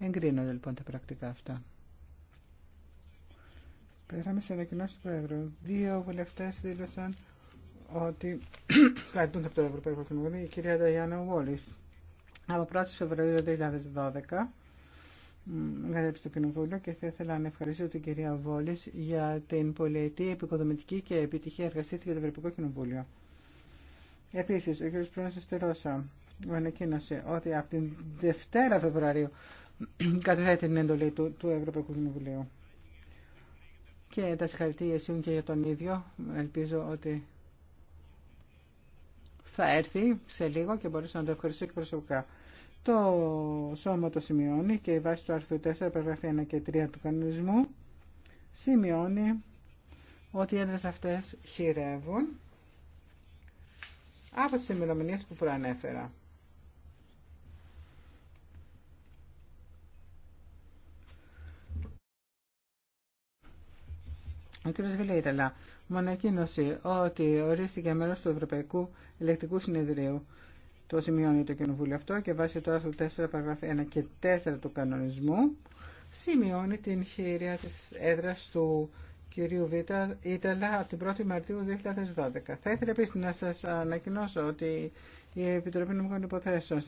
Εγκρίνονται λοιπόν τα πρακτικά αυτά. Περάμε σε ανακοινώσει του Πρόεδρου. Δύο βουλευτέ δήλωσαν ότι κρατούνται από το Ευρωπαϊκό Κοινοβούλιο, η κυρια Νταϊάννα Νταγιάννα Βόλη. Από Φεβρουαρίου 2012 εγκατέλειψε το Κοινοβούλιο και θα ήθελα να ευχαριστήσω την κυρία Βόλη για την πολυετή επικοδομητική και επιτυχή εργασία τη για το Ευρωπαϊκό Κοινοβούλιο. Επίση, ο κ. Πρόεδρο Αστερόσα, ανακοίνωσε ότι από την Δευτέρα Φεβρουαρίου καταθέτει την εντολή του, του Ευρωπαϊκού Κοινοβουλίου. Και τα συγχαρητήρια εσύ και για τον ίδιο. Ελπίζω ότι θα έρθει σε λίγο και μπορείς να το ευχαριστήσω και προσωπικά. Το σώμα το σημειώνει και η βάση του άρθρου 4, παραγραφή 1 και 3 του κανονισμού σημειώνει ότι οι έντρες αυτές χειρεύουν από τις ημερομηνίες που προανέφερα. Ο κ. Βιλέιταλα μου ανακοίνωσε ότι ορίστηκε μέρο του Ευρωπαϊκού Ελεκτικού Συνεδρίου. Το σημειώνει το Κοινοβούλιο αυτό και βάσει το άρθρο 4, παραγράφη 1 και 4 του κανονισμού σημειώνει την χειρία τη έδρας του κ. Βίτα Ιταλά από την 1η Μαρτίου 2012. Θα ήθελα επίση να σα ανακοινώσω ότι η Επιτροπή Νομικών Υποθέσεων